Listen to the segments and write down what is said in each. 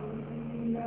إلا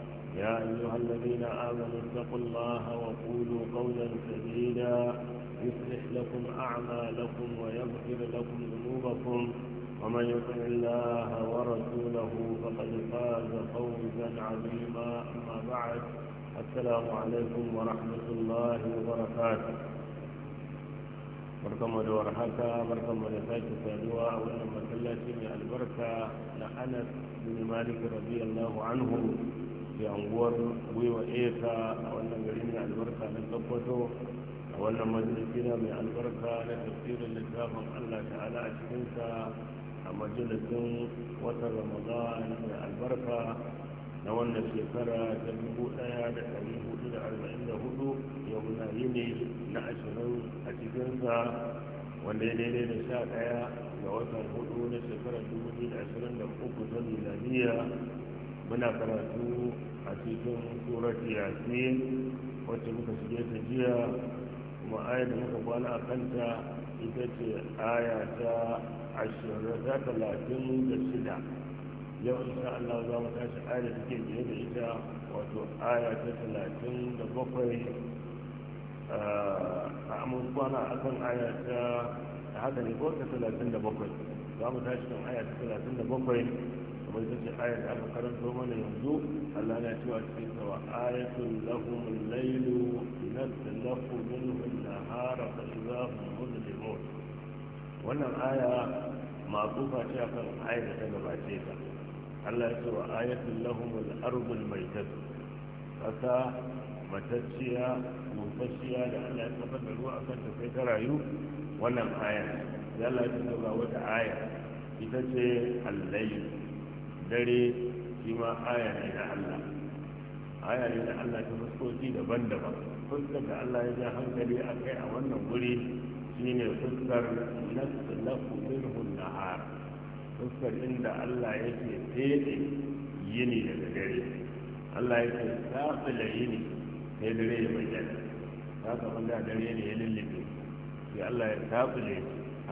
يا أيها الذين آمنوا اتقوا الله وقولوا قولا سديدا يصلح لكم أعمالكم ويغفر لكم ذنوبكم ومن يطع الله ورسوله فقد فاز فوزا عظيما أما بعد السلام عليكم ورحمة الله وبركاته بركم da warhaka بركم da sake saduwa a wannan البركة لأنس بن مالك رضي الله عنه ke anguwar gwiwa eta a wannan gari mai albarka na tabbato a wannan majalisi mai albarka na tafsirin littafin allah ta'ala a cikinsa a majalisin watan ramadan mai albarka na wannan shekara ta dubu daya da dari hudu da arba'in da hudu yau na yini na ashirin a cikinsa wanda ya daidai da sha daya ga watan hudu na shekarar dubu biyu da ashirin da uku ta miladiya muna karatu a cikin surat yasin wacce muka shige ta jiya kuma aya da muka kwana a kanta ita ce aya ta ashirin da talatin da shida yau insha Allah za mu tashi aya da take biye da ita wato aya ta talatin da bakwai a amur kwana a kan aya ta haka ne ko ta talatin da bakwai za mu tashi kan aya ta talatin da bakwai والذي آية أما قرأتهم أن يهدوا ألا أن يأتوا أكثر وآية لهم الليل نزلق منه النهار فإذا هم مظلمون وأن الآية معطوفة شيئا آية تنبع شيئا ألا يأتوا آية لهم الأرض الميتة فتا متشيا مفشيا لأن يتفن الوقت في ترعيو وأن الآية ذلك تنبع وتعايا إذا الليل dare shi ma aya ne na Allah aya ne na Allah ta fuskoki daban-daban fuskar da Allah ya ja hankali a kai a wannan wuri shine fuskar nasu minhu nahar fuskar inda Allah yake tsaye yini daga dare Allah yake tsafila yini sai dare ya bayyana ta kamar da dare ne ya lullube sai Allah ya tsafile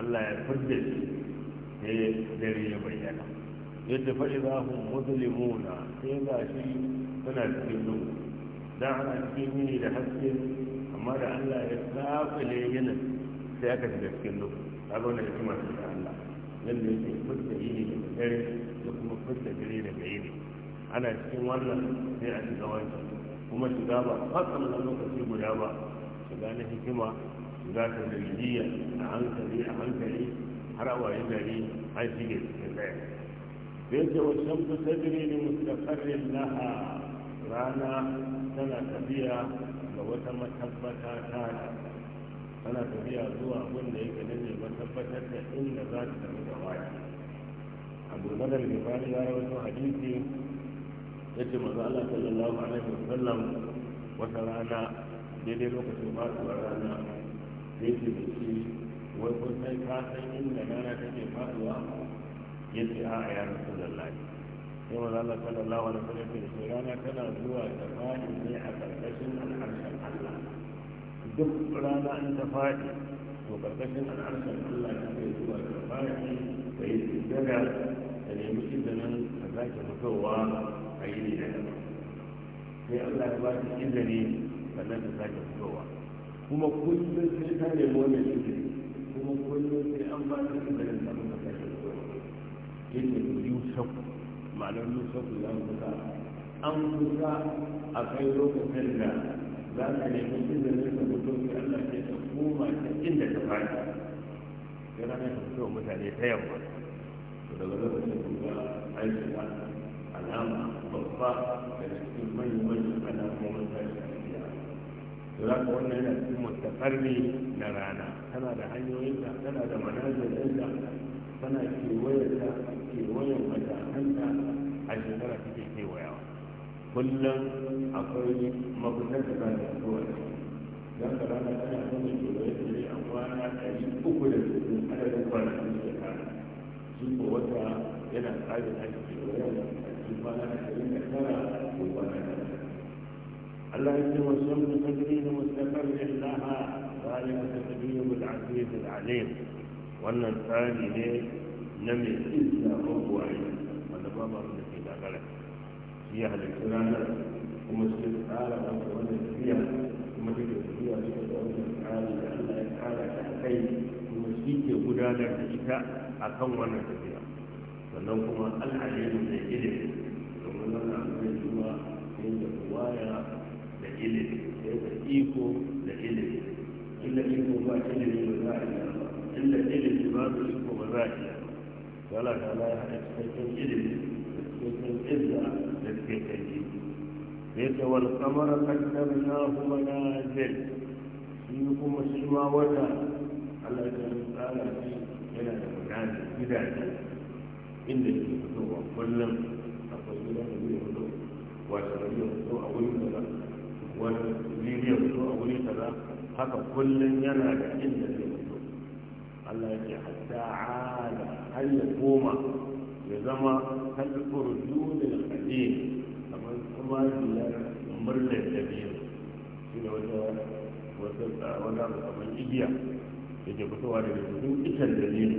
Allah ya fudda shi sai dare ya bayyana yadda fa'iza hun musulmuna sai ga shi suna cikin duhu dan ana cikin yini da haske amma da allah ya tsafile yinin sai aka shiga cikin duhu ta zaune da hikima su ta allah yadda yake fudda yini da dare da kuma fudda dare daga yini ana cikin wannan sai a shiga wani kuma shiga ba fasan na lokaci guda ba shiga na hikima shiga ta da a hankali a hankali har a waye gari an shige cikin ɗaya yake wa shamsu tajri li mustaqarrin laha rana tana tafiya ga wata matabbata ta tana tafiya zuwa da yake nan ne matabbatar da inda za ta tafi da waya abu madar bifari ya yi rawaito hadisi ce maza Allah sallallahu alaihi wa sallam wata rana daidai lokacin faduwar rana yake da shi wai kun sai ka san inda rana take faduwa ya a a yana su lallai sai wani Allah sallallahu alaihi wasallam ya ce rana tana zuwa da fadi ne a karkashin al'arshen Allah duk rana an ta fadi to karkashin al'arshen Allah ta zai zuwa da fadi da yi sujjada da nemi izinin da zaki fitowa a yi ne da sai Allah ya ba shi izini sannan da zaki fitowa kuma kullum sai ta nemi wani izini kuma kullum sai an ba ta izinin da yake yusuf ma'anar yusuf ya kusa an kusa a kai lokacin da za ka nemi izinin ka fito sai Allah ya ta koma ta inda ta fara sai rana ta fito mutane ta yamma to daga lokacin kuma an shiga alama babba daga cikin manyan manyan alamomin za ka wannan yana cikin mutafarni na rana tana da hanyoyinta tana da manazirinta tana kewayarta kewayen wata hanta a shekara take kewayawa kullum akwai mafitar da za ta fito a ciki don ka rana tana samun kewaye tsere a kwana ɗari uku da sittin adadin kwanakin shekara shi ko wata yana tsarin a kewayen a cikin kwana ashirin da tara ko kwana tara الله عز وجل تدبير مستقر لها ذلك تدبير العزيز العليم وان الثاني na mai isa ko buwari wanda ba ba da ke dagara shi ya halittu ranar kuma shi tsara wata wannan tafiya kuma take tafiya suka da wannan tsari da allah ya tsara ta kai kuma shi ke gudanar da ita a kan wannan tafiya sannan kuma al'alimu da ilimi domin wannan abu ne zuwa yadda waya da ilimi yadda iko da ilimi illa iko ba ilimi ba za a iya ba illa ilimi ba iko ba za a iya wala da ala ya haɗa cikakken ilimi da cikakken izza da cikakken ji da ta wal kamar kaddar na kuma na zai shi kuma shi ma wata allah ya tsara shi yana da gudanar gidaje inda ke fitowa kullum a gidan da zai fito wata da zai a wurin da za wani zai fito a wurin da za haka kullum yana da inda zai Allah yake hatta ala har ya koma ya zama har kalfur dunin hadin kamar kuma biyar murnar da biyu shi da wata wata wata kamar igiya da ke fitowa daga cikin itan da biyu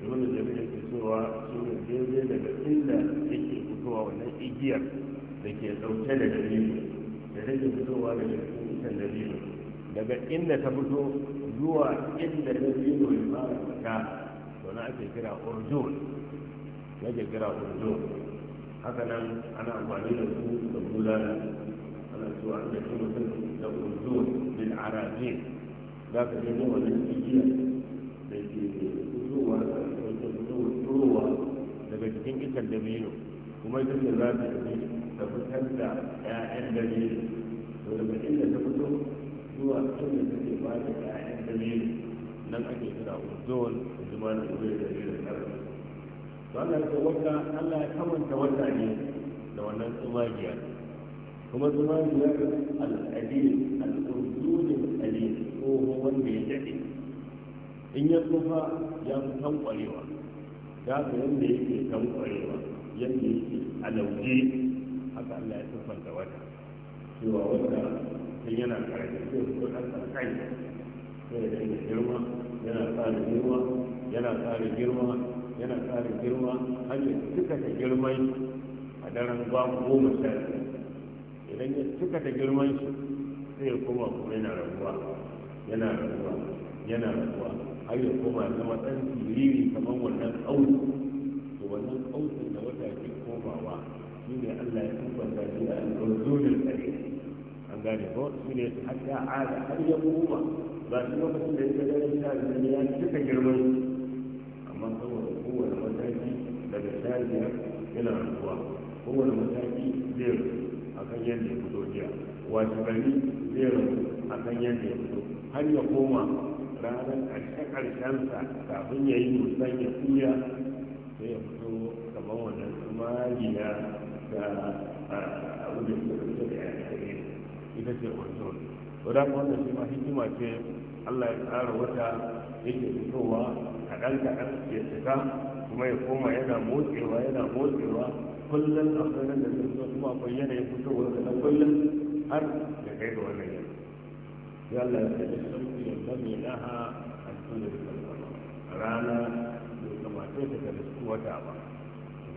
domin da jami'a ke cewa shi ne daidai daga inda yake fitowa wannan igiyar da ke ɗauke da dalilu da take fitowa daga cikin itan da biyu daga inda ta fito zuwa inda na biyu mai fara fita to na ake kira urjun yake kira urjun haka nan ana amfani da su da bulala ana zuwa inda da shi mutum da urjun bin arajin za ka gani wannan igiya da ke zuwa da ke zuwa daga cikin da biyu kuma ita ce za ta tafi ta fitar da 'ya'yan biyu to daga inda ta fito zuwa kan da take ba da ƴaƴan dabino nan ake kira uzol zuma na uwe da da karfi to Allah ya wata Allah ya kamanta wata ne da wannan tsumagiya kuma tsumagiyar al'adil al'urdulin alil ko wanda ya daɗe in ya tsufa ya fi tankwarewa ya fi yadda yake tankwarewa yadda yake alauje haka Allah ya siffanta wata cewa wata tun yana karfi zai fito kai sai da yana girma yana tsara girma yana tsara girma yana tsara girma har cika ta girman a daren goma sha idan ya cika ta girman shi sai ya koma kuma yana rabuwa yana rabuwa yana rabuwa har ya koma zama ɗan siriri kamar wannan ƙauye to wannan ƙauyen da wata ke komawa shi ne allah ya tabbata shi da alƙawar an gane ko shi ne hatta ada har ya kuma ba shi lokacin da ya gani sha da ya cika girman amma saboda kowane mataki daga sha biyar yana rasuwa kowane mataki zai rasu akan yadda ya fito jiya wasu gari zai rasu akan yadda ya fito har ya koma ranar ƙarshe sa kafin ya yi musan ya tuya sai ya fito kamar wannan tsumariya da ah, abin da ita ce usul wadda kuma da shi ma hikima ce Allah ya tsara wata yake fitowa kaɗan kaɗan ya cika kuma ya koma yana motsewa yana motsewa kullum a nan da zai fito kuma akwai yanayin fitowar da na kullum har da kai da wannan yanayin ya Allah ya da sarki ya ya laha a cikin rana da kamata ta kalistu wata ba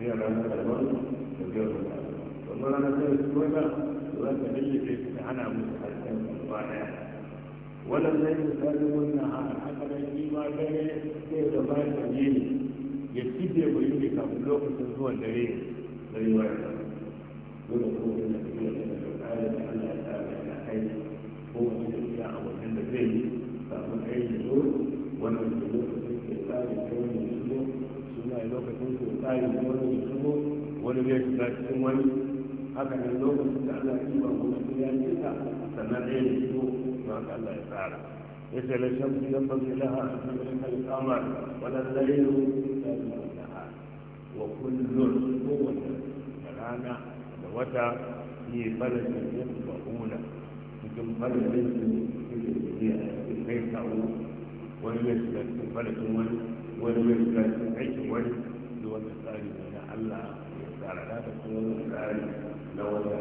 zai ranar da wani da zai wata ba ranar da wata su za ka lallabe su ka hana musu hasken gaba wannan zai yi sarrafin da yi ma dare sai da ba ta ne, ya cije ba yi kafin lokacin zuwan dare da yi wa ya dole ko wani da ke da tsarin da Allah ya tsara yana aiki ko wani da a wajen da zai yi kafin aiki zo wannan da lokacin ke tsarin ta wani ya shigo suna lokacin ke tsarin ta wani shigo wani shiga cikin wani haka ne lokacin da ana ya ba mu shi ya ce ta sannan ne ya so ma Allah ya tsara yace la shamsu yanbaghi laha an tusbiha al-qamar wa al-laylu nahar wa kullu quwwata rana da wata ne barin yanbahuna cikin barin da yake da kai ta'u wani ya shiga cikin farashin wani wani ya shiga cikin aikin wani da wata tsari ne na Allah ya tsara da ta tsari na wata da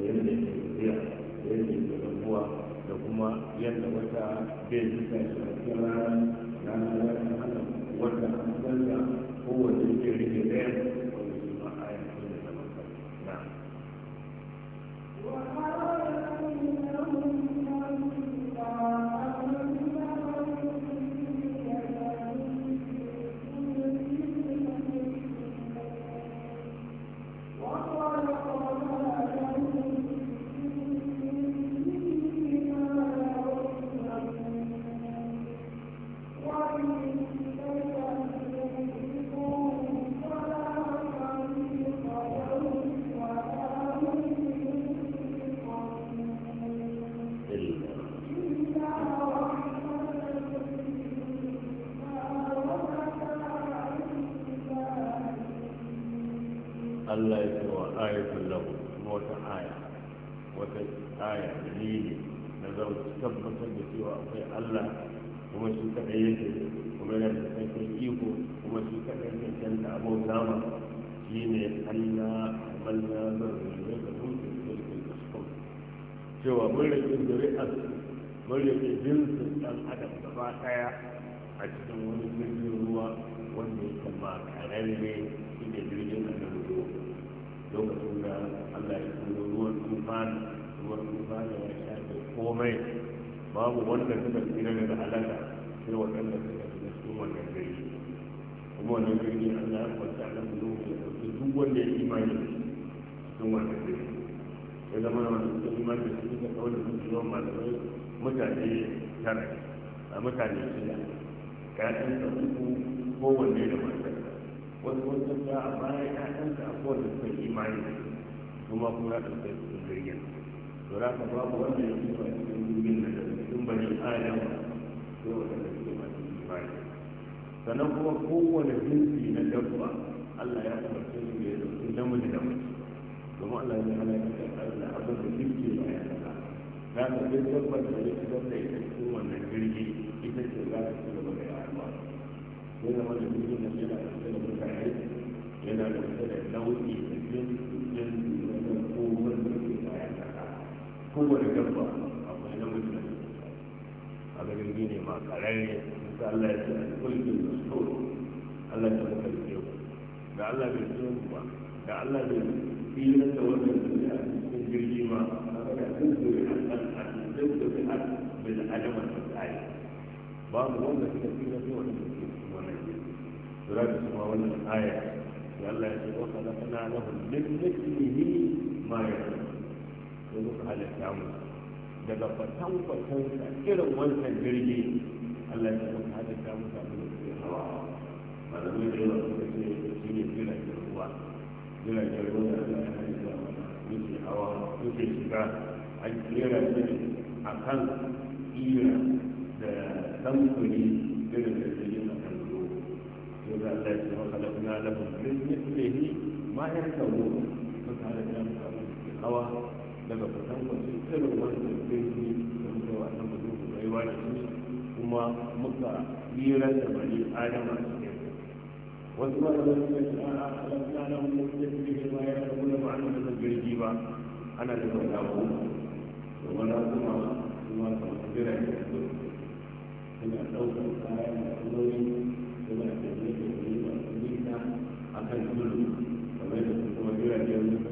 yadda ke tafiya da yadda ke da kuma yadda wata bai jika shi a cikin rana rana ya ta hana wata an zanta kowace ke rike ɗaya wanda shi abota ma shi ne allah amalna zaruriyar da mutum sulkin kaskom cewa mun rikin zuri'ar mun jinsin ɗan adam gaba ɗaya a cikin wani jirgin ruwa wanda ya kama kararre shi ne jirgin annabi ruwa lokacin da allah ya kuma ruwan tufan ruwan tufan ya shafe komai babu wanda suka tsira da halaka sai waɗanda suka shiga cikin wannan gari kuma wannan Allah ya kwanta da mu da duk wanda ya imani cikin wannan ya zama na wani cikin imani da cikin da kawai da zuwa mutane tara a mutane shida ƴaƴan da uku kowanne da wasu wasu ta a baya ƴaƴan da imani kuma kuma ya ɗauke cikin to za ka babu wanda ya fito a cikin da cikin bani adam imani sannan kuma kowane jinsi na dabba Allah ya umarce su da ya dauki namiji da mace domin Allah ya hana ya kai Allah abin da jinsi ba ya saka za ka ga dabba da ya fitar da ita cikin wannan jirgi ita ce za ta ci gaba da ba sai da wannan jirgin da yana da Allah ne filin da wannan duniya a cikin jirgi ma a ga sun a kan a cikin a bin adama da tsari wanda suka da jirgi zura da wannan aya da Allah ya ce wa ma mu daga fatan fatan irin wancan jirgi Allah ya ce mu da hawa da yawa suka ce shi ne da ruwa jiragen ruwa da Allah ya yi muke hawa muke shiga an kera shi a kan kira da samfuri irin da shi a kan ruwa yau da Allah ya maka da kuna da mutum ya tsaye ma ya rika ruwa muka hada da hawa daga fitan kwasu irin wanda ya yi da muka wasan mutum da ya wani kuma muka kira da bari adama والمرء الذي خلقنا له من مثله ما يعلمونه عنه من الجيبة أنا لمن أقول وأنا أقول ما تقدر أن يقول إلى أوفى الآية الأولي إلى تدريب الدين والتدريب أكل كله وما يقول وجرى اليوم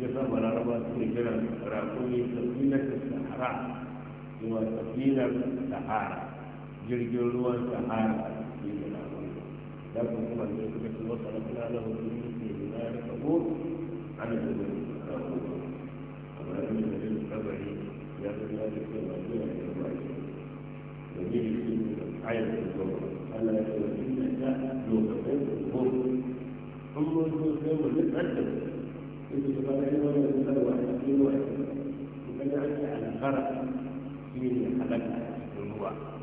جزاء ولا ربا تجرى راكوني تقبيلة الصحراء وتقبيلة الصحارى jirgin ruwan sahara shi ne na wani da kuma ne kuma ce wasu alaƙa na hudu ne na ana da wani kabo amma da wani kabari ya fi ya fi ce ma ba shi domin shi ne ayar da zuwa Allah ya ce wa inda ta lokacin ko in mun Kuma sai mu duk ɗan إذا تبعين ولا تبعوا أحسين وأحسين وكذا على الغرق من حلقة الهواء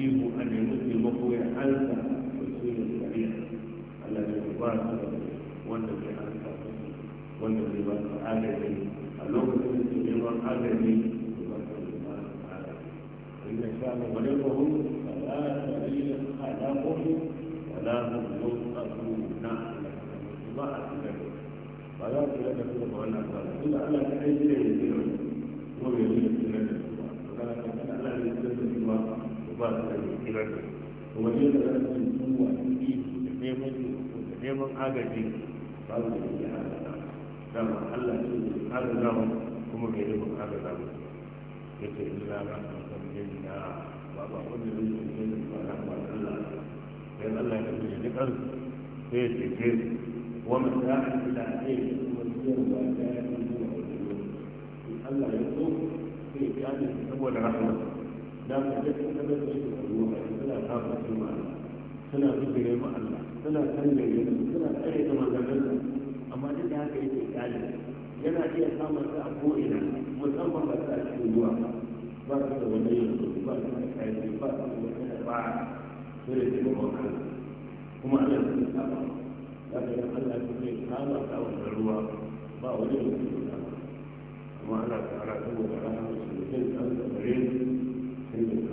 يجب أن يمد المقوي ألف وسير السعيد على جوابات والنبي ألف والنبي بات عالمي اللهم صل وسلم على عالمي إن شاء كان غلبهم فلا سبيل خلقهم ولا هم يوقفون نعم فلا تلقى كل ما نقل إلا على أجل الدين ومن يريد ba su da mai kira da wajen da da neman da agaji ba su da iya Allah kuma mai ya ce in za ka san yin da ba ba wanda zai yi yin ba na ba Allah Allah ya tafi da sai ya ce ke kuma ta yi zuwa Allah ya so sai ya saboda da ka duk kuma da su da ruwa suna kafa cima suna fitire ma Allah suna tangare suna tsare da maganganun amma duk da haka yake kyale yana iya samun sa a ko'ina musamman ba ta cikin ruwa ba su da wani yanzu ba su da kayan ba su da wani ba su da cikin makan kuma Allah su da ba za ka yi Allah su ne kama ta wannan ruwa ba wani yanzu da ba amma Allah ta ala da jin da gare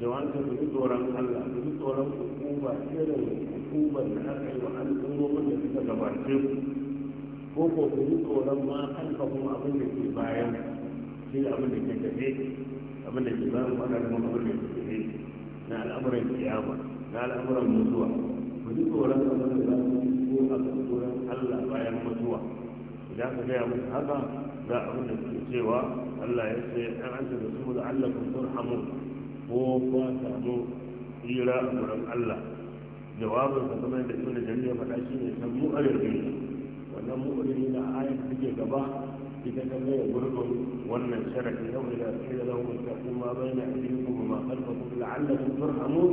jawanta su ji tsoron allah su ji tsoron hukuma irin hukumar da aka yi wa al'ummomin da suka gabace ku ko ko su ji tsoron ma halka kuma abin da ke bayan shi abin da ke tafe abin da ke bayan faɗa kuma abin da ke tafe na al'amuran kiyama na al'amuran mutuwa ku ji tsoron abin da za su ko a tsoron allah bayan mutuwa idan ka gaya musu haka za a abin da suke cewa allah ya ce an an ta da su la'allakum turhamun ko kuma samu tsira a wurin Allah jawabin sa kamar da ibn jarir ya faɗa shi ne san mu'ayyar duniya wannan da na ayat da take gaba ita kan mai gurbin wannan sharadi yau da sai da lahu mutaqu ma baina aydikum wa ma khalfakum la'allakum turhamun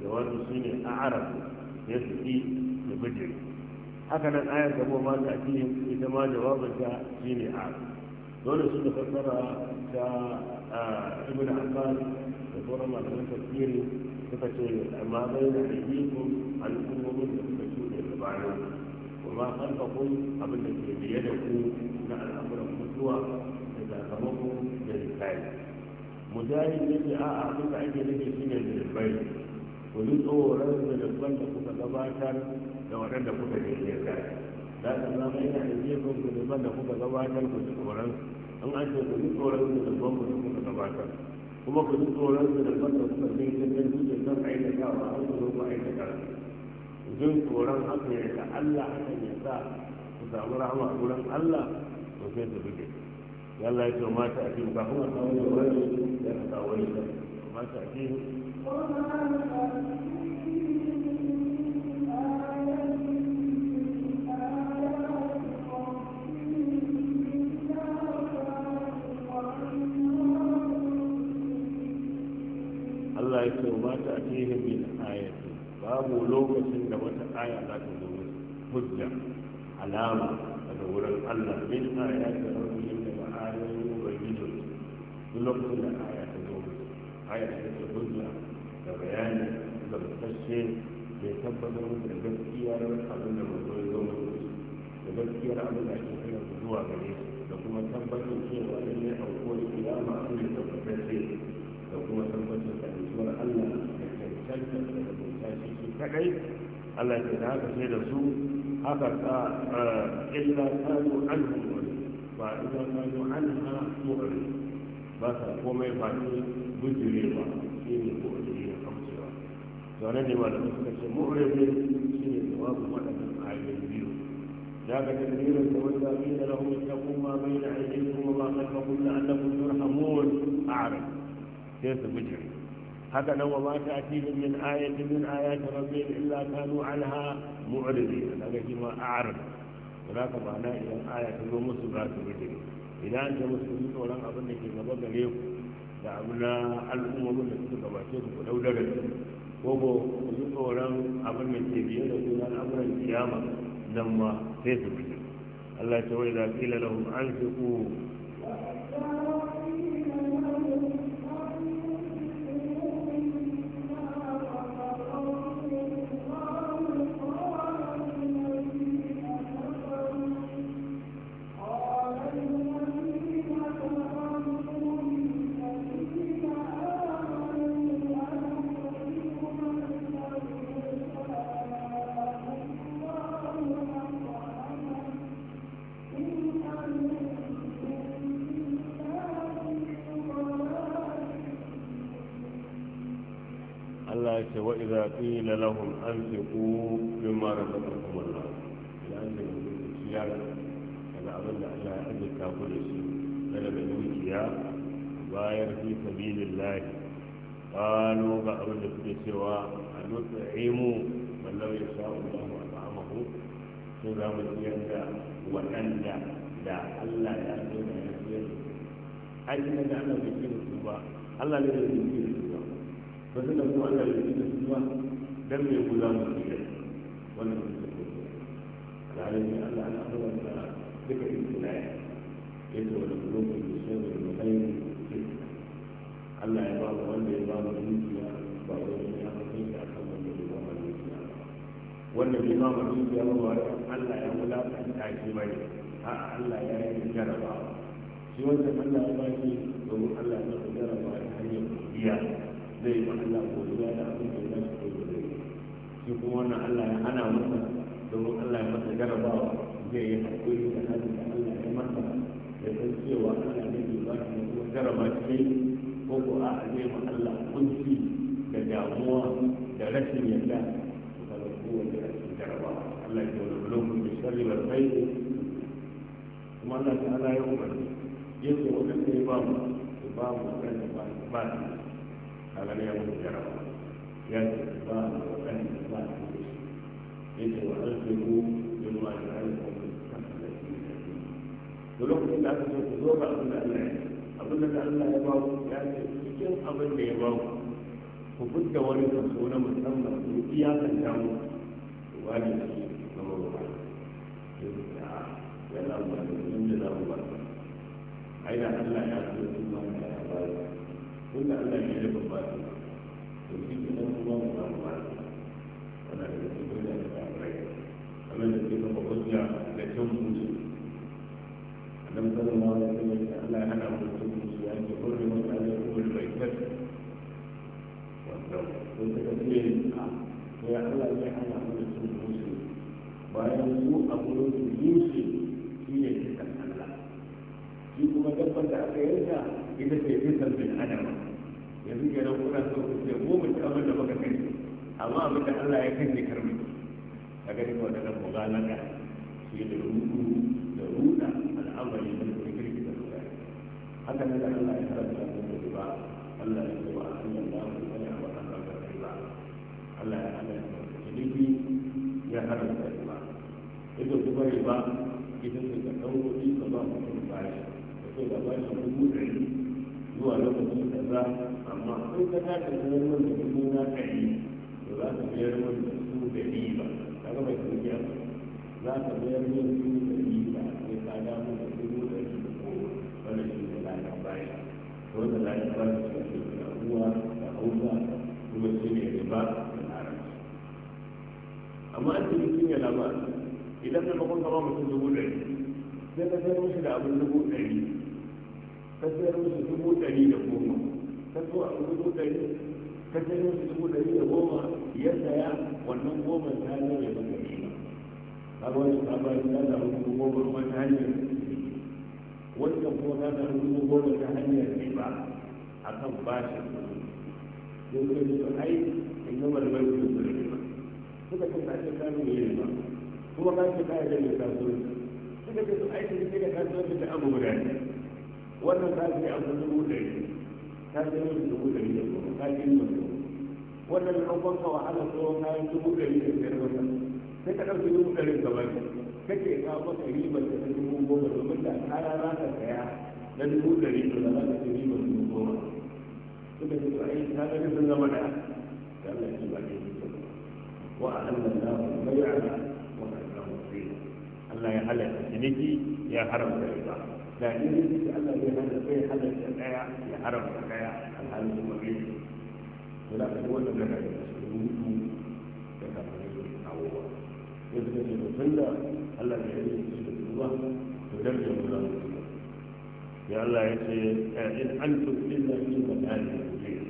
jawabin shi ne a'raf ya fi da bijiri haka nan ayar da ma ta ita ma jawabin ta shi ne a'raf dole su da fassara ta ibn abbas da sauran malaman tafsiri suka ce amma bai da ayyukum al'ummomin da suka shuɗe da bayan kuma halkakun abin da ke biye da ku na al'amuran mutuwa da sakamako da rikai mujahi ne ce a'a abin da ake nufi shine zulubai ku ji tsoron zulubban da kuka gabatar da waɗanda kuka daidaita za ka zama yana da jefin ku da da kuka gabatar ku ji tsoron in an ce ku ji tsoron ku da ban da kuka gabatar kuma ku ji tsoron ku da ban da kuka jin jirgin zuciya kan aikatawa an ku zo ku aikata jin tsoron haka ya ga Allah hakan ya sa ku samu rahama a wurin Allah to sai su buge yalla ya ce ma ta ake ba kuma kawo da wani ya ka kawo ne ma ta ake aya za ta zo musu hujja alama daga wurin Allah min aya da rabbihim daga ayoyin ubangijin duk lokacin da aya ta zo musu aya ta ce hujja da bayani da mutashe mai tabbatar musu da gaskiyar abin da mazo ya zo musu da gaskiyar abin da ake kira zuwa gare su da kuma tabbatar cewa lallai aukuwar kiyama abin da tabbatacce da kuma tabbatar da mutuwar Allah da cancanta da mutashe shi kadai Allah ya da haka sai da su haka ka eh, illa kanu anhu ba idan kanu anha mu'ri ba sa komai ba ne bujire ba shi ne ko da ya ne biyu ذاك تكبير وإذا قيل لهم اتقوا ما بين أيديكم وما خلفكم لعلكم ترحمون أعرف كيف بجري haka nan wa ma ta'tihim min ayatin min ayati rabbihim illa kanu anha mu'ridin daga shi ma a'rad da ka na idan aya ta zo musu za su dare? idan ta musu yi tsoron abin da ke gaba gare ku da abu na al'ummomin da suka gabace ku ku daudar da ko ko ku yi tsoron abin da ke biye da ku na al'amuran kiyama nan ma sai su rike Allah ya ce wai da kila lahum anfiqu وقيل لهم أنفقوا مما رزقكم الله لأن الزيادة أنا أظن أنها أجل كافر شيء أنا بنوكيا باير في سبيل الله قالوا بأول نفسي سوى أن نطعموا من لو يشاء الله أطعمه سوى مسيرة وأندى da Allah ya zo da ya fiye su an yi da Allah bai fiye su ba Allah ne da ya fiye su ba ba su da kuma Allah bai fiye su ba dan me ku za mu tsira wannan ne ko alhalin ne Allah an abuwa da duka ibtilai yadda wani lokacin da shi ne mai ainihin Allah ya ba mu wanda ya ba mu dukiya ba wani ya ba kai da kan wanda ya ba mu dukiya wannan bai ba mu dukiya ba Allah ya wulakanta shi ne. a Allah ya yi jarabawa shi wanda Allah ya ba shi domin Allah ya jarabawa ta hanyar biya zai ba Allah godiya da abin da shi kuma wannan Allah ya hana masa domin Allah ya masa jarabawa zai yi hakuri da halin da Allah ya masa da san cewa ana da ke ba shi kuma jaraba ce ko ko a zai ma Allah kunci da damuwa da rashin kowace rashin jarabawa Allah ya wani bulon da kuma Allah ya umarni wa ya ba mu ba mu kan ba ba jarabawa ya ce ba a ba a ya ce wa alfiku bin ma Allah ya abin da Allah ya ba ku ya ce cikin ba na da ya ba da inda ba da Allah ya ba yi ba ba ita ce fitar bin adam yanzu ke nan kuna so ku ce mu mutu abin da muka kai amma abin da Allah ya kai ne karbi a gani ko da mu ga da ruku da ruda al'amari da kuma kirki da ruda haka ne da Allah ya karanta ku ba Allah ya ce wa Allah ya Allah ya ba Allah ya ba Allah ya hana Allah ya haramta riba ita kuma ba ita ka dauko ka ba mutum bashi ka ba ga bashi dubu ɗari zuwa lokacin da za amma sai ka tashi sayar mun da dubu na ɗari to za ka biyar mun da su da riba ka ga mai kuriya za ka biyar mun da su da ni ba sai ka da mun da su da riba ko wannan shi ne lafiya baya to da lafiya baya shi da ruwa da hausa kuma shi ne riba da larabci amma an ce mutum ya labar idan ka bakon kama mutum dubu ɗari sai ka sai mushi da abin dubu ɗari ka sayar musu dubu ɗari da goma ka zo a dubu ɗari ka sayar musu dubu ɗari da goma ya saya wannan goma ta zama ya maka shi ba wani sabon ta zama dubu goma kuma ta hanyar wannan kuma ta zama dubu goma ta hanyar riba a kan bashin yau ka ji ai in gama da bai kuma riba suka ce ka ce kanu ya riba kuma ka ce ka yi da kasuwanci suka ce su aiki da kasuwanci da abu guda ne wannan ta ce an dubu ɗari ta ce musu dubu ɗari da kuma ta ce musu wannan an kwanka wahala ta kayan dubu ɗari da biyar wannan sai ka ɗauki dubu ɗari gaba ne kake ka maka ribar ta dubu goma domin da kara za ka saya na dubu ɗari to da za ka ci ribar dubu goma suka ce to ai ta ga sun zama da da Allah ya ba ne وأحل الله البيع وأحرم الربا الله يحلل الشريك يا حرم الربا لكن الله يهدى في حل الشرعية في حرم الشرعية الحل المريض ولكن هو الذي لا يسلمه كتابه أو يدرس المسلة الذي يدرس الله تدرج الله يا الله يا إن أنتم إلا في مكان كبير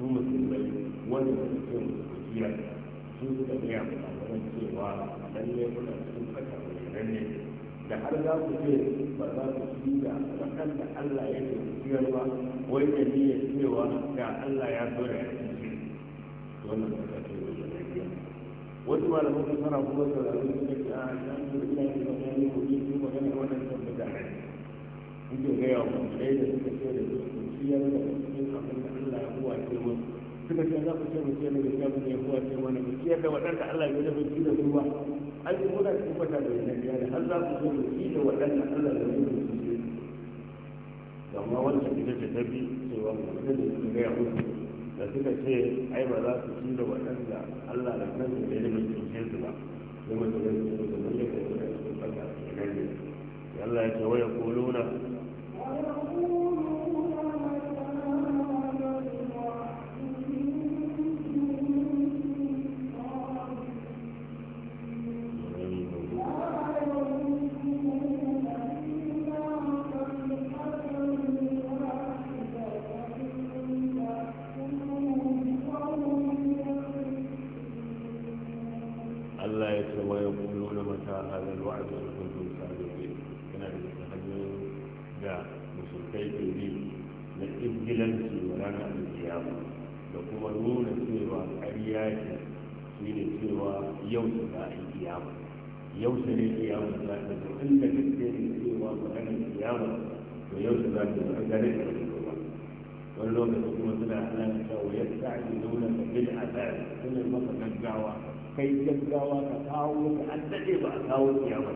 مو مسلمين وانا مسلمين مسلمين sun suka gaya mu وانا cewa lallai kuna sun fata mai ne da har za ku ce ba za ku ci da da Allah ya yi ciyar ba wai da niyyar cewa ga Allah ya so da ya ci wannan ba ta ce da lafiya wasu malaman su sana kuma sauraron su ne a kan da ina da bayani ko ji su magana wannan san da gare kuke ga yawa mun da suka ce da su ciyar da cikin abin da Allah ya buwa ce musu suka ce za ku ce kuwa ce wani da waɗanda Allah ya dafa ci da ruwa an yi muna cikin da wannan biyar har za ku ce mu da waɗanda Allah ya dafa ci da ruwa ita ce tafi cewa da su gaya musu da suka ce ai ba za su ci da waɗanda Allah da ya dafa ci da ba su ruwa kai gaggawa ka kawo ka an daɗe ba a kawo kiyama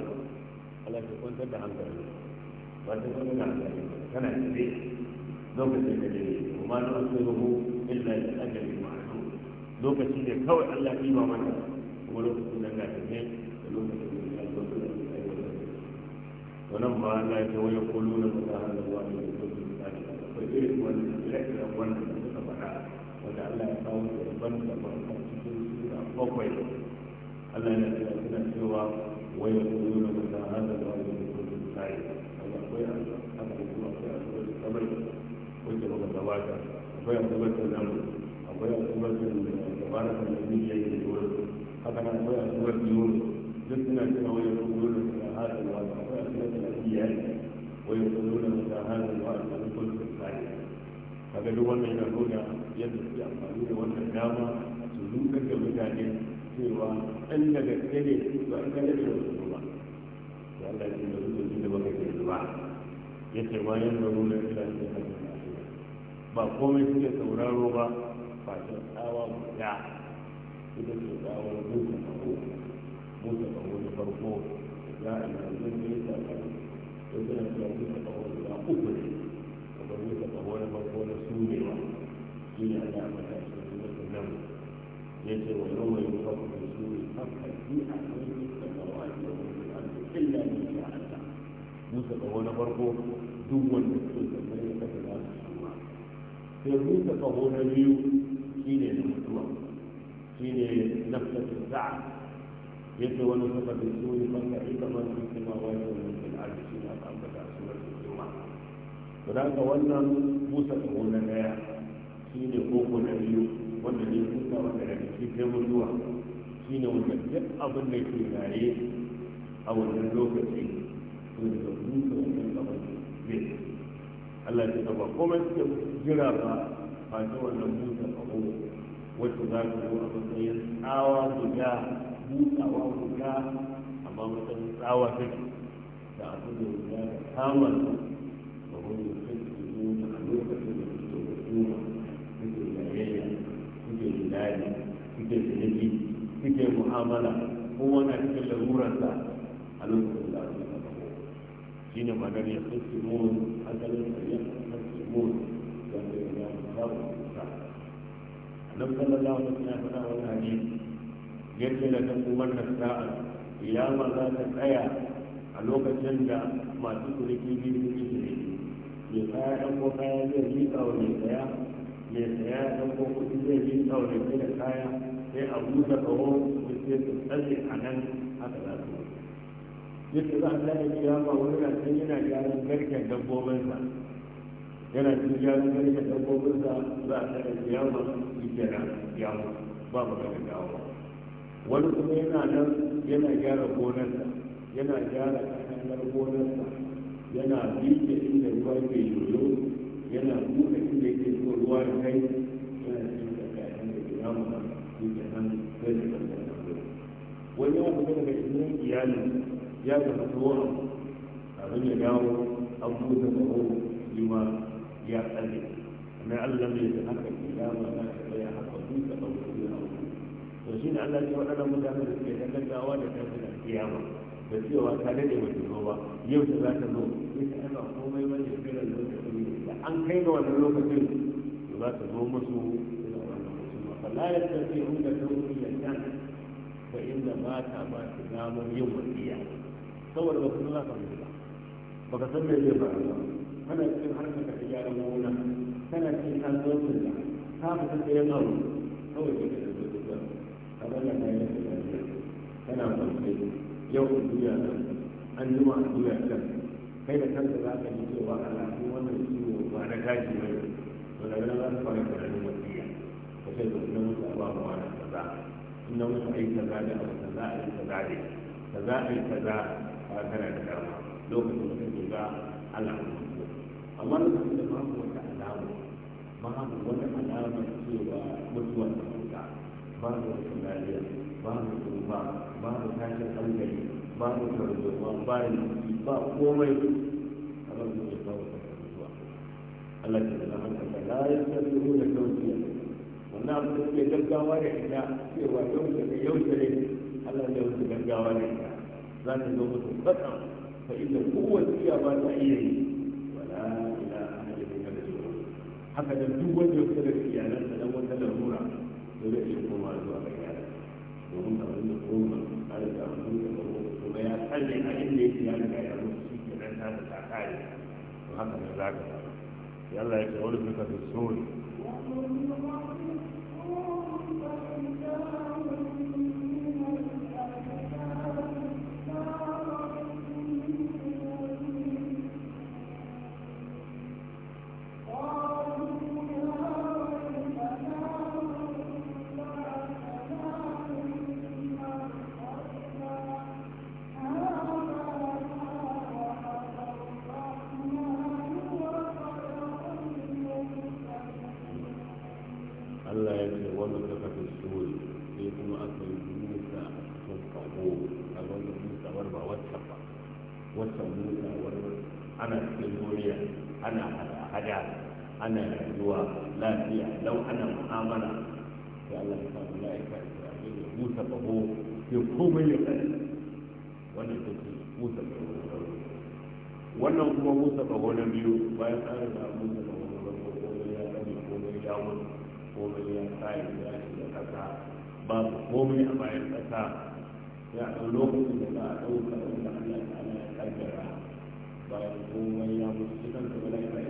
Allah ka kwantar da hankali ba ta kwantar da hankali kana tsaye lokacin da ne kuma na wasu ruhu illa da ajali ma'azu lokaci da kawai Allah ya ba mana kuma lokacin da ka tafiye da lokacin da ka tafiye da wannan ba Allah ya wani kullu na mutanen da wani da kuma da kuma da kuma da kuma da kuma da kuma da kuma da wanda Allah ya kawo su daban daban a cikin sura bakwai Allah ya ce suna cewa wa yaquluna la hada wa yaquluna sai Allah akwai akwai kuma akwai akwai sabai wanda muka gabata akwai akwai nan akwai akwai da bara kan da ni yayi da wani haka nan akwai akwai yuni duk suna cewa wa yaquluna la hada wa akwai akwai da iyaye ويقولون مثل هذا الوعد أن كل الثاني فقالوا ومن يقولون yadda suke amfani da wannan dama su nuna da mutane cewa ɗan daga tsere ba a kare da wasu ba da Allah ya da zuwa da baka ke zuwa ya ce ma yan da nuna ila da hajji ba komai suke sauraro ba ba ta tsawa guda ita ce tsawar musa kawo musa kawo da farko za a yi hannun da ya saka ya suna cewa musa da uku ne kamar musa kawo na farko na sunewa shi ne ana mata a cikin wasu nan ya ce wa yau mai yi haku da su ne haka yi a kan yi samawa da wani alfi illa ne shi Allah musa ga wani farko duk wanda su zama yi kasa za su shuma sai musa ga wani biyu shi ne na mutuwa shi ne nafsatin sa'a ya ce wani suka fi su ne haka yi man su samawa da wani alfi shi ne aka ambata a surar su shuma. Don haka wannan musa ga na daya shi ne koko na biyu wanda ne kuka wanda daga cikin sai mutuwa shi ne wanda duk abin da ke raye a wannan lokaci to daga busa wannan gaban zai Allah ya taba komai suke jira ba ba ta wannan a kaho wacce za ta zo a matsayin tsawa guda busawa guda amma matsayin tsawa take da abin da ya kama su mu'amala kowa na cikin larurarsa a lokacin da ake masa shi ne magana ya fuske mun asalin karyar fuske mun wanda ya zama samun kusa annabi sallallahu alaihi wasallam ya faɗa wannan hadisi yadda da kan kuma na sa'a kiyama za ta tsaya a lokacin da masu kuliki biyu suke ne mai kaya ɗan ko kaya zai yi tsawo mai saya mai saya ɗan ko kuɗi zai yi tsawo da kaya sai a buɗe kawo su sai tsalle a nan haka za su duk da za a tsaye ya ba wani na can yana gyaran garken dabbobinsa yana cin gyaran garken dabbobinsa za a tsaye ya ba su kenan ya mu ba mu ga gaggawa wani kuma yana nan yana gyara gonarsa yana gyara katangar gonarsa yana bike inda ruwa ke yoyo yana buɗe inda yake so ruwa kai yana cin da kayan da ya mu shi ke nan zai shi kan wani yawan mutum daga cikin iyalin ya tafi tsohon abin ya dawo abubuwan da ko shi ma ya tsalle amma Allah mai da haka kiyama na da ya haka su da abubuwan da to shi ne Allah ya waɗanda mutane da suke ta gaggawa da ta fi da kiyama da cewa ta dade mai zo ba yau ta za ta zo sai ta ana komai wani irin lokacin da an kai ga wannan lokacin za ta zo musu فلا يستطيعون توصية فإن مات ما تنام يوم القيامة تصور بس الله فهمت baka san mai zai faru ba kana cikin harkar ka ta gyaran gona kana cikin kasuwancin da ka fita da yan abu kawai ka ga da duka ka bala na yin da kana kwance yau a duya nan an jima a duya can kai da kanka za ka ji cewa alamu wannan ciwo ba na gaji ba ne to daga nan za ka fara karatu يقول انه الله على الزبائن انه يحيي الزبائن او الزبائن الزبائن الزبائن الزبائن الزبائن لو كنت مسلم بالباء على الله سبحانه ما هو تعلم ما هو تعلم سوى مسوى المسوى ما هو الكمالية ما هو الكمالية ما هو كاشة الحلقية ما هو كرد الله ما هو المسيطة هو ميت الله سبحانه وتعالى الله سبحانه وتعالى لا يستطيعون توجيه wannan abin da suke gaggawa da ita cewa yau da ne yau da ne Allah ne wasu gaggawa da ita za ta zo musu tsakan fa inda kowace iya ba ta iya yi wala ila ahli min al haka da duk wanda ya fita daga iyalansa dan wata larura to da shi koma zuwa ga iyalansa domin abin da koma a da abin da kuma ya tsalle a inda yake ya riga ya mutu shi ke nan ta ta kare to haka ne za ka yi Allah ya ce wani suka fi sori. ya ɗau lokacin da za a ɗauka wanda Allah ta'ala ya kaddara bayan komai ya mutu cikin kamar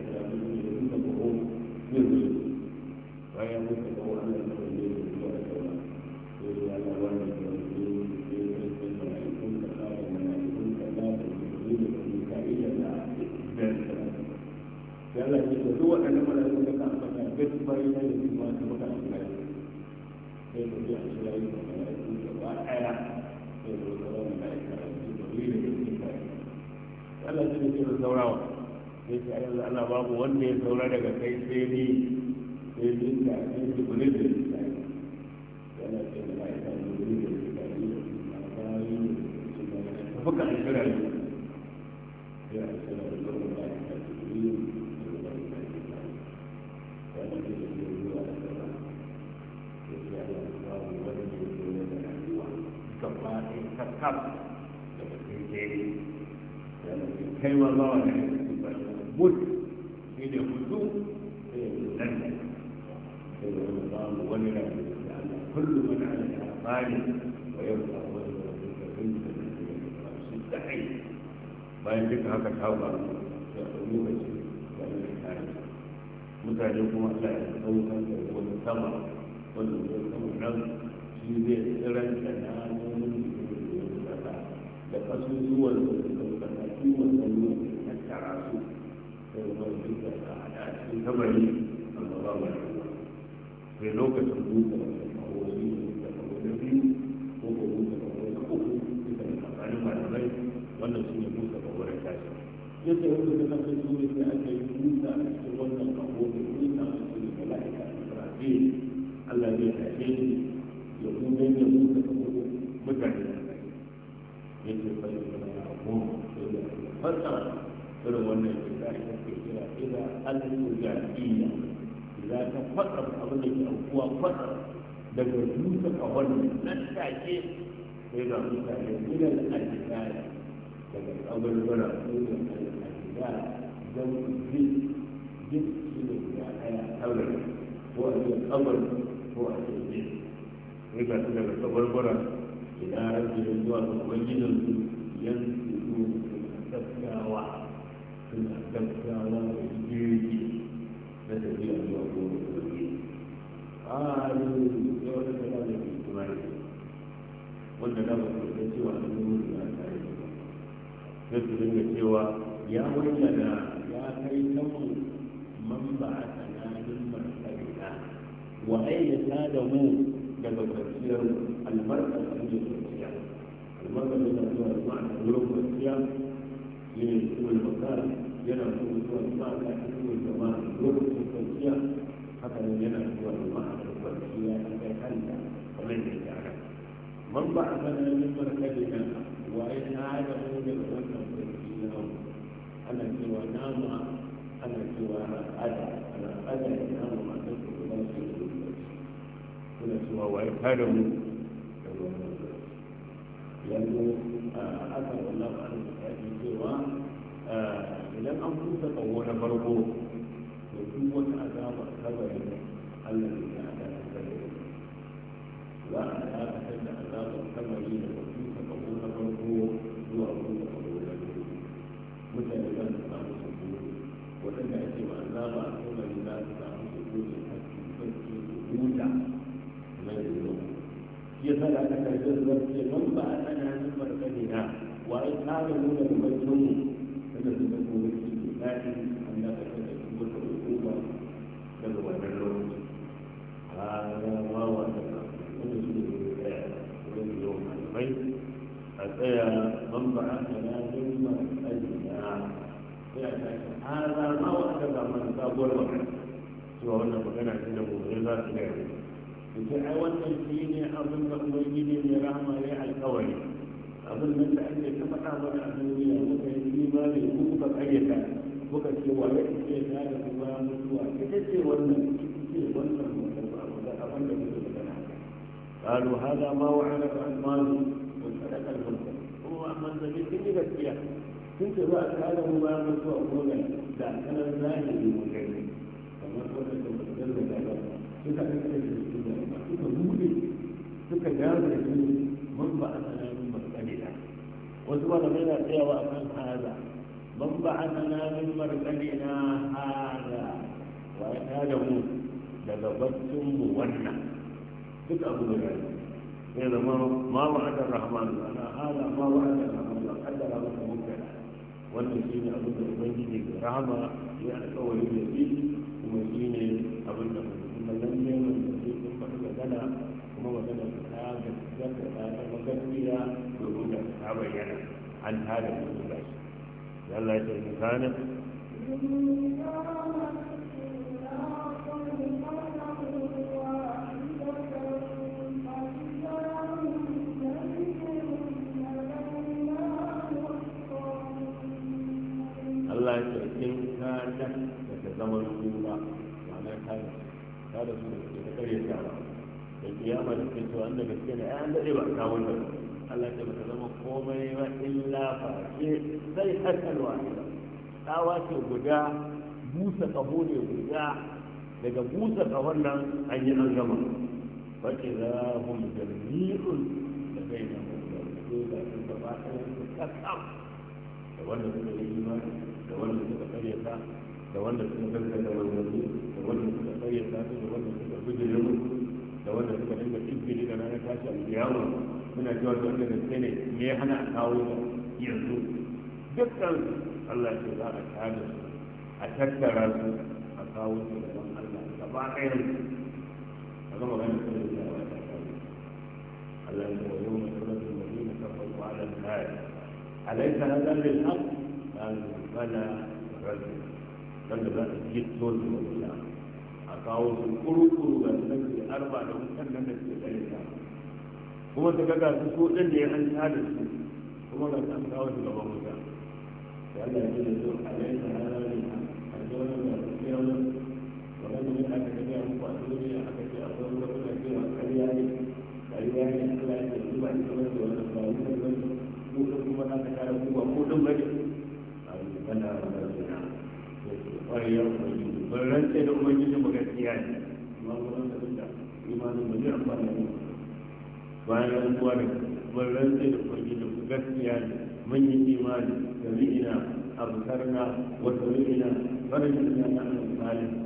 wanda ya saura daga kai sai ni sai jinta sai jibril da isra'i yana ce da ma'aikata jibril da isra'i a bayan da fuka an kira ne ya a kira da zama ma'aikata jibril da zama ma'aikata isra'i ya na ce da ke zuwa da zama ya ce ana samu wani ne ke da rayuwa gaba ɗaya ta kam daga kai jeri ya na ce kai wa zawa da kai mutu الثاني ويبقى الرجل منك عند مستحيل ما يملك yi ta يقومون mutane kuma Allah ya ɗauka da wani sama wanda ya sama nan shi zai tsiran da namomin da ya da kasusuwan da suka kasa kiwon sannan ya tara su da wani da ta hada cikin kamari amma ba ba sai lokacin buɗe da kawo kuwa kwata daga duka kawar nan take sai ga mutane ilal aljihari daga tsagwalwara ilal aljihari don jin jin su ne guda ɗaya tsagwar ko a cikin tsagwar ko a ce jin sai ga su daga tsagwalwara ina rajin zuwa ga ubangijin su yan su suna gaggawa suna gaggawa da jirgi na tafiya zuwa wanda da ba ta cewa a cikin wuri ya tare da ba sai su dinga cewa ya wanda da ya kai tamu mamba a tsananin marsarika wa ai ya tada mu daga kwanciyar albarka a cikin kwanciya albarka da ta zuwa zuwa a cikin kwanciya yin kuma yana kuma zuwa zuwa a cikin kwanciya haka yana zuwa da ma'anar kwanciya ta kai kanta kamar da ya ga man ba a sanar da farkaɗe na waye na da mu da wannan kwanciya ana cewa nama ana cewa al'ada al'ada ya nama masu kuma su da lokaci suna cewa waye ta da mu da wannan kwanciya yanzu a da wallahu an cewa idan an kusa tsawo na farko الذي أعلم الكبير وأن لا تحل أخلاق الكبير وفيك قبول قبول هو قبول قبول متلبا تقام سكون وإن أتم أخلاق الكبير لا تقام سكون حتى تبكي سكوتا غير اليوم كيف لا تتجذب في منبع من مركزنا وإن هذا هو المجنون الذي تكون فيه فيا منبع كلام من أجلنا هذا ما وحدنا من تابور وحد سوى أن مكان عندنا مغيظة غيره يتعاون الدين أظن أمين من رحمة لي على القول أظن من تأتي كما تعمل أمين مكان ما لي مكتب أيها مكتب وعيد كيف هذا ما مكتب وعيد كيف قالوا هذا ما وعدك عن ماله وصدق المنكر هو من ذي كل بكيه كنت وأكاله ما مسوى قولا لأكل الزاهد المكيف كما قلت لكم الجنة كذا كنت أكل الجنة كنت مولي كنت جاهز من بعثنا من مرقدنا وسوى لمنا سوى من هذا من بعثنا من مرقدنا هذا وأكاله موسى daga bakin mu wannan duk abu da rai sai zama ma wa'adar rahman ana hala ma wa'adar rahman ba kaddara masa mutane wannan shi ne abin da ubangiji ga rahama ya alkawari da shi kuma shi ne abin da kuma nan ne da shi kuma da magana kuma magana ta gaskiya ta ta magaskiya domin da ta bayyana an da mutum gashi. Allah ya ce, "Insanin, Allah ya in ka da ta zama su ba ma'ana ta da ta da su da ta kare ta ba da kiyama da ke cewa da gaske ne ai an dade ba ta wanda Allah ya ta zama komai ba illa fa ce sai hakal wahida ta wace guda busa kaho ne guda daga busa kawon wannan an yi an gama wace za mu jami'un da kai na mutu da su gaba ɗaya su kasam da wanda suka yi imani da wanda suka karyata da wanda suka karya da wanzanni da wanda suka karyata su da wanda suka bijire mu da wanda suka dinga cikin daga ranar tashi alƙiyamu muna cewa da wanda da sai ne me hana a kawo yanzu dukkan Allah ce za a kada su a tattara su a kawo su da wanda أليس هذا للحق؟ قال بلى رجل بل بلى جد وإلى أقاوم كل قلوب النبي أربعة لو كان النبي ذلك هو تكاكا تسوء إني عن سادس هو لا تنقاوم إلى موسى قال يا جد أليس هذا للحق؟ قال بلى رجل wani aka ga ya muku a duniya aka ce a wani wani na cewa kariya ne kariya ne Allah ya ce ba ita wani wani ba wani wani ko ta kuma na ta kare ku ba ko dan bane a wani bana da suna ƙwarya ubangiji ban rantse da ubangiji ba gaskiya ne amma ko ran da da imanin ba zai ne bayan rantsuwa da ban da ubangiji ba gaskiya ne mun yi imani da ri'ina أبصرنا وسمعنا فرجنا عن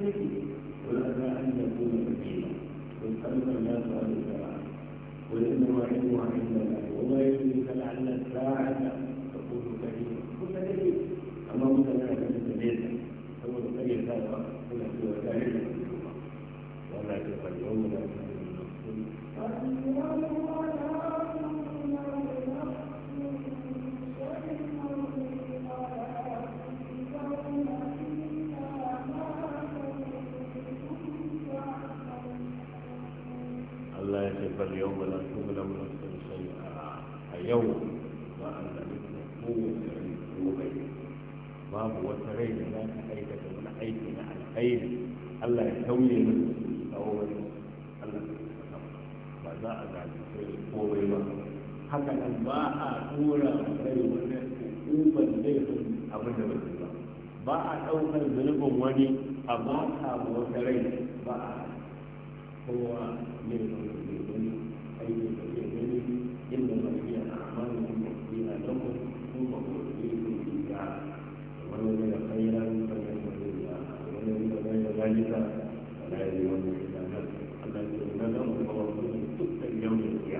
haka nan ba a tura kai wani hukumar laifin abin da bai ba ba a ɗaukar zunubin wani a ba ta wata rai ba a kowa ne wani wani aiki da ke gani inda ba iya amana da ke a lamun kuma ko ke ke ya wani wani da kairan bayan wani ya wani wani da bayan zalika da ya yi wani da nan Allah ya yi na zama kuma wani da yau da ya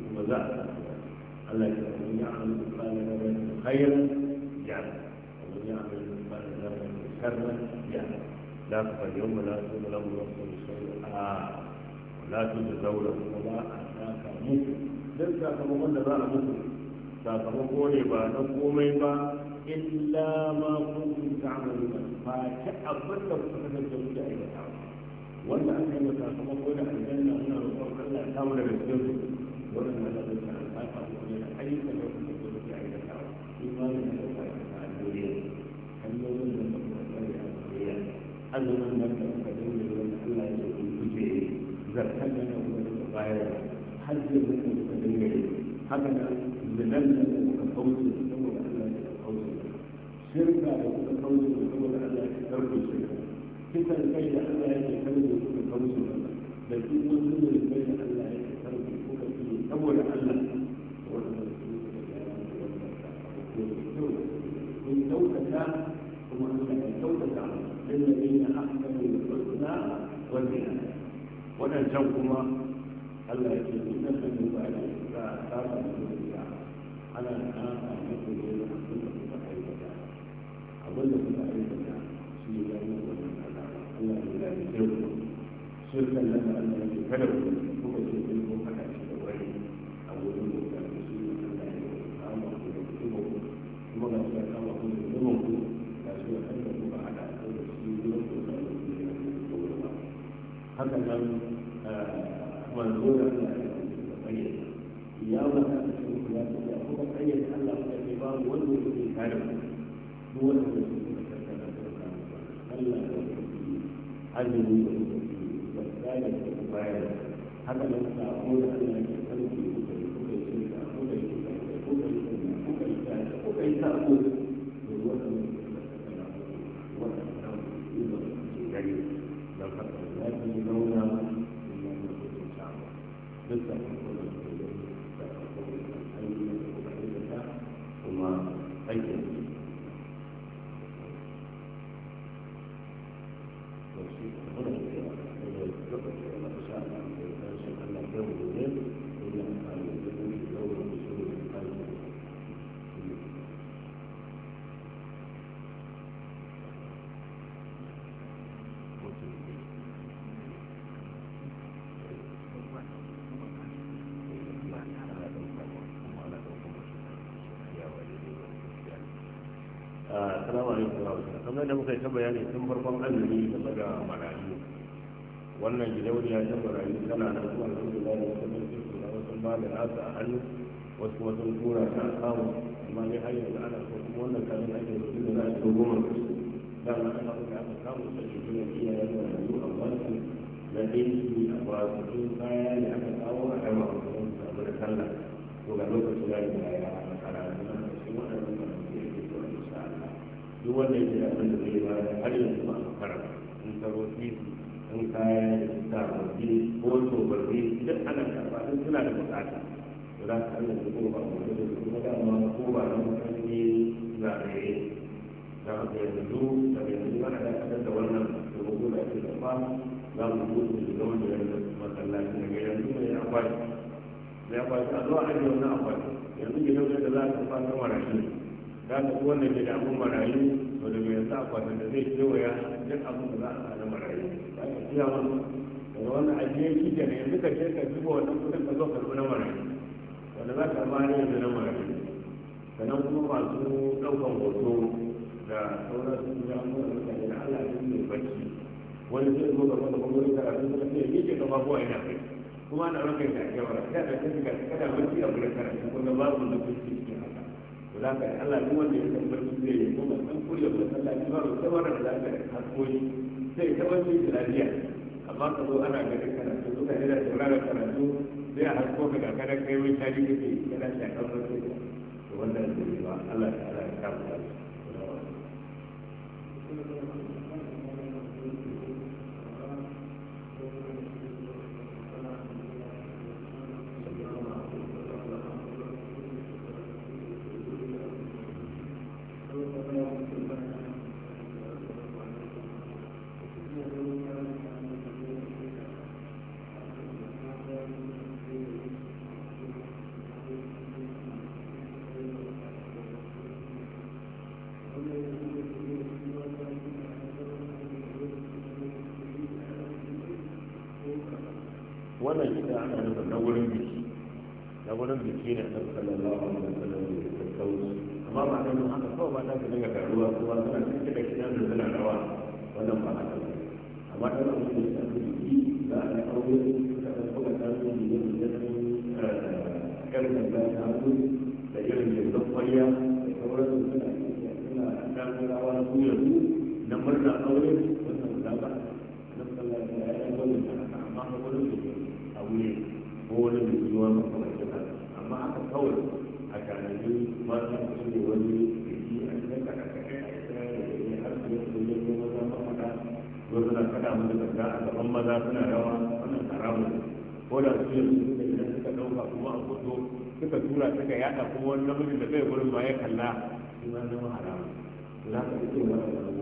ثم زاد الله ومن يعمل مثقال ذرة خيرا يعلم ومن يعمل مثقال ذرة شرا يعلم لا فاليوم لا تظلم نفس شيئا ولا تجزون وما أتاك مثل لن sakamakon da za a mutu sakamako ne ba na komai ba illa ma kuntum ta'maluna ba ta abin da kuka kasance ku da aikata wanda aka yi sakamako da aljanna muna roƙon Allah ta mu daga cikin su waɗannan abubuwa wani da kuma da aikata imanin da suka aikata a duniya hanyoyin da a da da da da da da da da Allah ya saboda Allah kun kyautata kuma Allah ya kyautata lallabin da aka kai da kyautata wanda ya waɗancan kuma Allah ya ce ku kasa ne ba da za a saba da zuciya ana da ana da kuma da abin da kuka aikata abin da kuka aikata shi ya yi wannan Allah ya yi kyau shirkan da Allah ya kada ku wannan kan su ne ya ce ko kan ayyar Allah ka ce ba wanda yake kare ku duk wanda yake kare ku Allah ya yi azumi da ku da ku bayar haka ne ta ko Allah ya tana da zuwa cikin da ya kuma da wasu malina ta a hannu wasu wasu kura ta samu. amma har yanzu ana ko kuma wannan kamin ake da cikin da za a yi goma su da na ana da aka samu da shi ne da yanzu a basu na a basu sun kaya ne aka kawo a yawa a kuma su samu da sallah to ga lokaci ya yi ya a karatu na cikin waɗannan kwanaki da ke zuwa insha Allah duk wanda yake da abin da zai bayar har yanzu ba a karatu in in kaya da tafi ko tobarni duk ana karɓa duk suna da bukata to za ka Allah ko ba mu da kuma da ma ko ba mu kan yi zare da ka yanzu da yanzu ana da kada da wannan to ko da ke da ba za mu zo mu da wanda ya da masallaci ne yanzu ne ya kwai ya kwai a zo a ji wannan akwai yanzu gidan da za ka fara marashi za ka fi wanda ke da abun marayu to da mai yasa akwatin da zai kewaya duk abun da za a sa marayu iya mun daga wannan ajiye shi ke ne yanzu ka je ka zuba wannan kudin ka zo karbi na marayu wanda za ka bani yanzu na marayu sannan kuma masu ɗaukan hoto da sauran su ya amfani da mutane da Allah ya yi bacci wani zai zo gaba da kuma yin karatu da sai ya ke gaba ko ina kai kuma ana ranka da jawara da da kai ga kada bacci a gurin karatu kuma babu da kuci cikin haka to za ka Allah duk wanda ya san bacci zai yi kuma san kuriya ba sallah ba ba da za ka hasko shi zai taɓa su lafiya amma ka zo ana ganin karatu suka yi da sauraron karatu zai a hasko ka kakarar kai wani ke kake yana shakar wasu wannan zai ba Allah ta ala ta kama wannan ba a kan amma ɗan abin da ya shafi jiki za a yi aure da ɗan kuma tsarin da ya fi eh, ƙarfin da ya shafi da irin jirgin kwariya da sauransu suna suna ƙarfin rawa na kuyar su na murna aure wannan da ba na sallar da ya yi wani sarrafa amma a wani da a wuri ko wani da yiwuwa makamashin amma aka kawai a kanadin mata su ne wani sa musu zakka a gaban maza suna rawa wannan haramun ko da su yanzu suka idan suka ɗauka kuma a fito suka tura suka yaɗa ko wani namijin da bai gurin ma ya kalla shi ma zama haramun za ka ita wani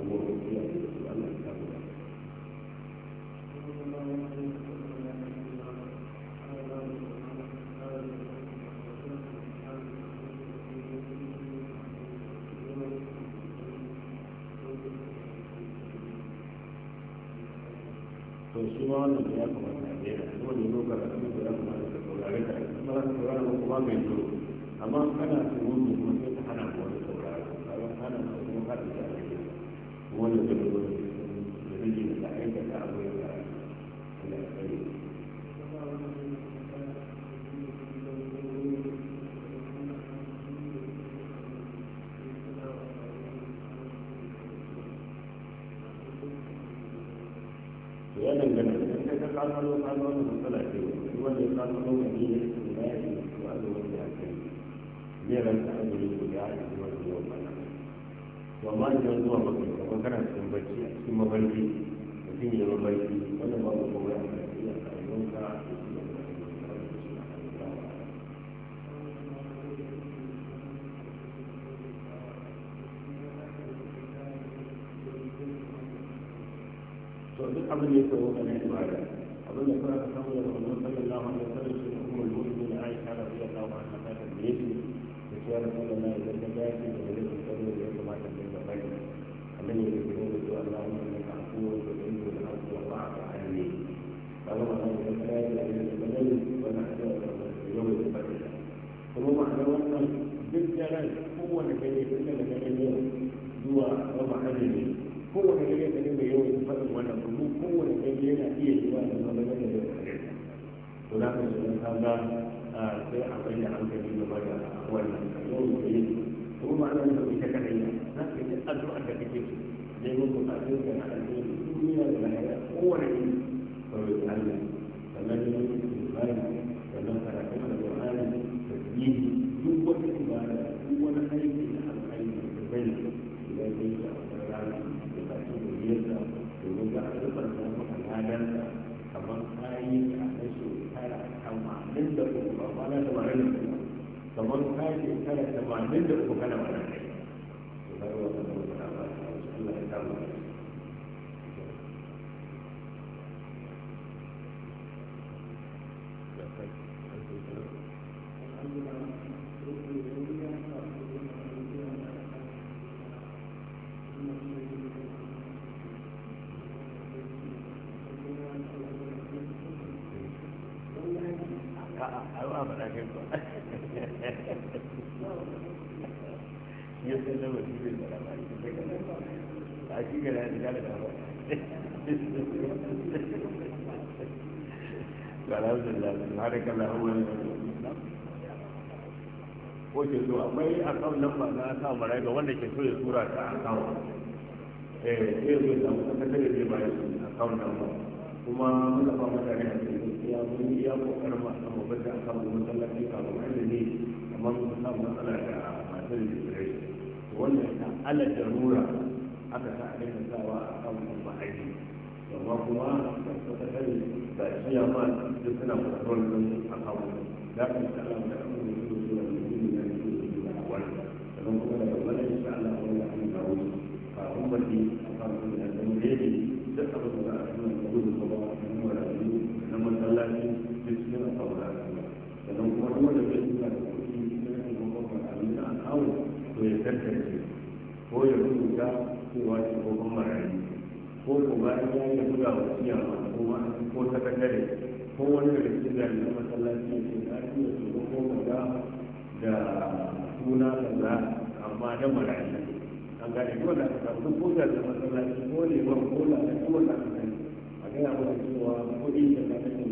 wannan ya kuma cikin bacci a cikin mafarki mutum ya mafarki wanda ba mu kuma ya abin da shekara tamanin da kana wannan kai to ga ruwa ba Allah ya ya san da wani zai da labari a shi ga na riga da gaba to alhamdulillah subhanak allahumma wa ko ke so akwai akawun nan ba na sa marai ga wanda ke so ya tura ta akawun eh sai ya samu sakatare ne bayan akawun nan ba kuma muka fa a cikin ya mun iya kokarin masu mabata akawun masallaci kamar ne kamar musamman matsala da matar wanda kan ala darura aka sa a rika a kan ma'aiki amma kuma wata kare da shi ya ma duk suna kwakwalwar don a kawo da ka yi sa'ala da kan yi su zuwa da su ne da su su da wani kuma da wani insha Allah wani da a umarni a kan cewa shi ko kuma marayi ko ko bayan ya yi buga wa ko ma ko sakandare ko wani daga cikin jami'an masallaci ya ce na iya shiga ko kaza da suna kaza amma na marayi an gane ko da ta samu ko da masallaci ko ne ba ko da aka ko da aka a gaya masa cewa kuɗi da kasance